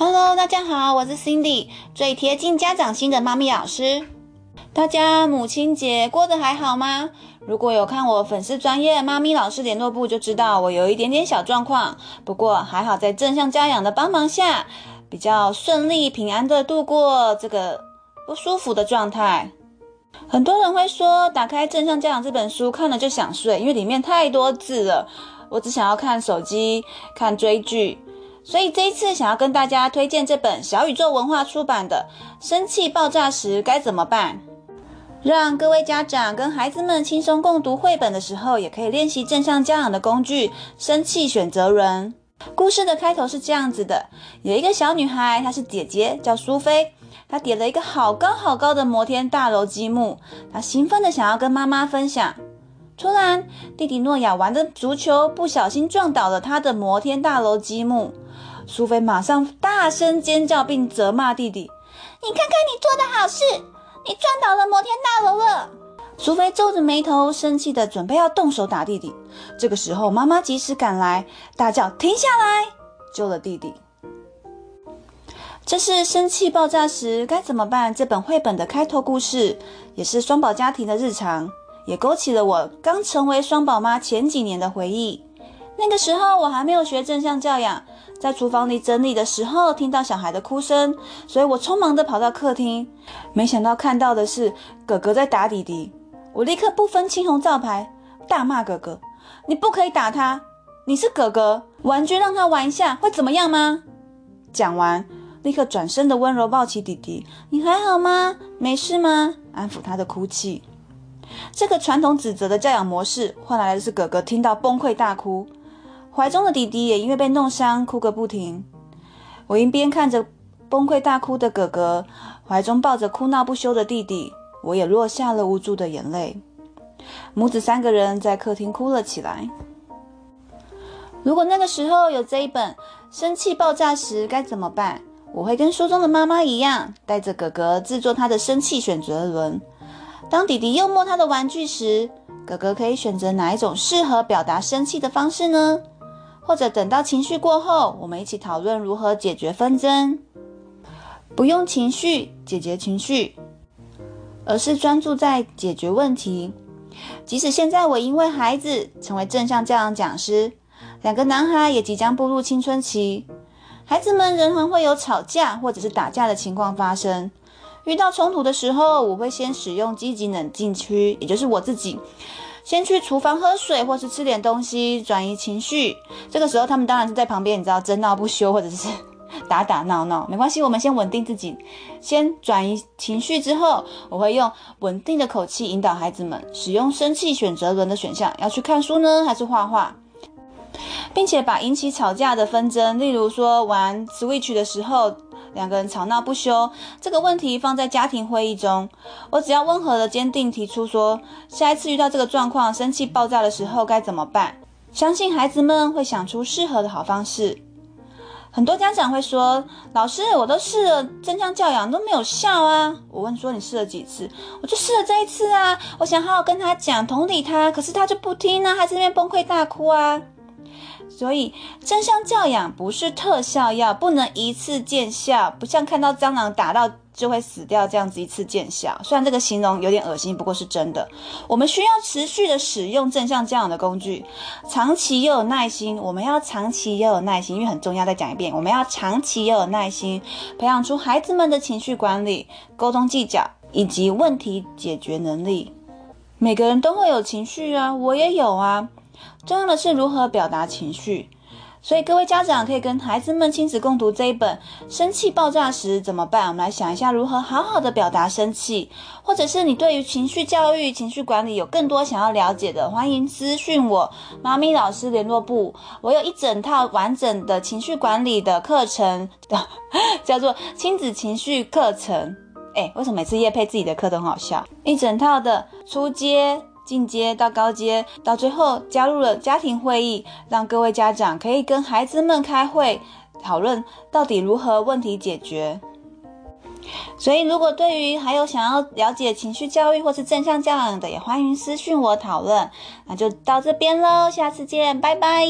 Hello，大家好，我是 Cindy，最貼近家長心的媽咪老師。大家母親節過得還好嗎？如果有看我粉絲專頁媽咪老師聯絡簿，就知道我有一點點小狀況。不過還好，在正向教養的幫忙下，比較順利平安的度過這個不舒服的狀態。很多人會說，打開正向教養這本書，看了就想睡，因為裡面太多字了。我只想要看手機，看追劇。所以這一次想要跟大家推薦這本小宇宙文化出版的《生氣爆炸時該怎麼辦》，讓各位家長跟孩子們輕鬆共讀繪本的時候，也可以練習正向教養的工具——生氣選擇輪。故事的開頭是這樣子的：有一個小女孩，她是姐姐，叫蘇菲，她疊了一個好高好高的摩天大樓積木，她興奮的想要跟媽媽分享。突然，弟弟諾亞玩的足球不小心撞倒了她的摩天大樓積木。蘇菲馬上大聲尖叫，並責罵弟弟：“你看看你做的好事，你撞倒了摩天大樓了！”蘇菲皺着眉頭，生氣的準備要動手打弟弟。這個時候，媽媽及時趕來，大叫：“停下來！”救了弟弟。這是《生氣爆炸時該怎麼辦》這本繪本的開頭故事，也是雙寶家庭的日常，也勾起了我剛成為雙寶媽前幾年的回憶。那個時候我還沒有學正向教養，在廚房裡整理的時候聽到小孩的哭聲，所以我匆忙的跑到客廳，沒想到看到的是哥哥在打弟弟，我立刻不分青紅皂白大罵哥哥，你不可以打他，你是哥哥，玩具讓他玩一下會怎麼樣嗎？講完立刻轉身的溫柔抱起弟弟，你還好嗎？沒事嗎？安撫他的哭泣。這個傳統指責的教養模式換來的是哥哥聽到崩潰大哭，懷中的弟弟也因為被弄傷哭個不停。我一邊看着崩潰大哭的哥哥，懷中抱着哭鬧不休的弟弟，我也落下了無助的眼淚。母子三個人在客廳哭了起來。如果那個時候有這一本《生氣爆炸時該怎麼辦》，我會跟書中的媽媽一樣，帶着哥哥製作他的生氣選擇輪。當弟弟又摸他的玩具時，哥哥可以選擇哪一種適合表達生氣的方式呢？或者等到情緒過後，我們一起討論如何解決紛爭，不用情緒解決情緒，而是專注在解決問題。即使現在我因為孩子成為正向教養講師，兩個男孩也即將步入青春期，孩子們仍然會有吵架或者是打架的情況發生。遇到衝突的時候，我會先使用積極冷靜區，也就是我自己。先去廚房喝水，或是吃點東西轉移情緒。這個時候，他們當然是在旁邊，你知道爭鬧不休，或者是打打鬧鬧。沒關係，我們先穩定自己，先轉移情緒之後，我會用穩定的口氣引導孩子們使用生氣選擇輪的選項，要去看書呢，還是畫畫，並且把引起吵架的紛爭，例如說玩 switch 的時候。兩個人吵鬧不休，這個問題放在家庭會議中，我只要溫和的堅定提出說，下一次遇到這個狀況，生氣爆炸的時候該怎麼辦？相信孩子們會想出適合的好方式。很多家長會說，老師，我都試了，正向教養都沒有效啊。我問說你試了幾次？我就試了這一次啊。我想好好跟他講，同理他，可是他就不聽啊，他在那邊崩潰大哭啊。所以正向教養不是特效藥，不能一次見效，不像看到蟑螂打到就會死掉這樣子一次見效。雖然這個形容有點噁心，不過是真的。我們需要持續的使用正向教養的工具，長期要有耐心。我們要長期要有耐心，因為很重要。再講一遍，我們要長期要有耐心，培養出孩子們的情緒管理、溝通技巧以及問題解決能力。每個人都會有情緒啊，我也有啊。重要的是如何表達情緒，所以各位家長可以跟孩子們親子共讀這一本《生氣爆炸時怎麼辦》。我們來想一下，如何好好的表達生氣，或者是你對於情緒教育、情緒管理有更多想要了解的，歡迎私訊我，媽咪老師聯絡簿。我有一整套完整的情緒管理的課程，叫做親子情緒課程。哎、欸，為什麼每次業配自己的課都很好笑？一整套的出街。進階到高階，到最後加入了家庭會議，讓各位家長可以跟孩子們開會討論到底如何問題解決。所以，如果對於還有想要了解情緒教育或是正向教養的，也歡迎私訊我討論。那就到這邊嘍，下次見，拜拜。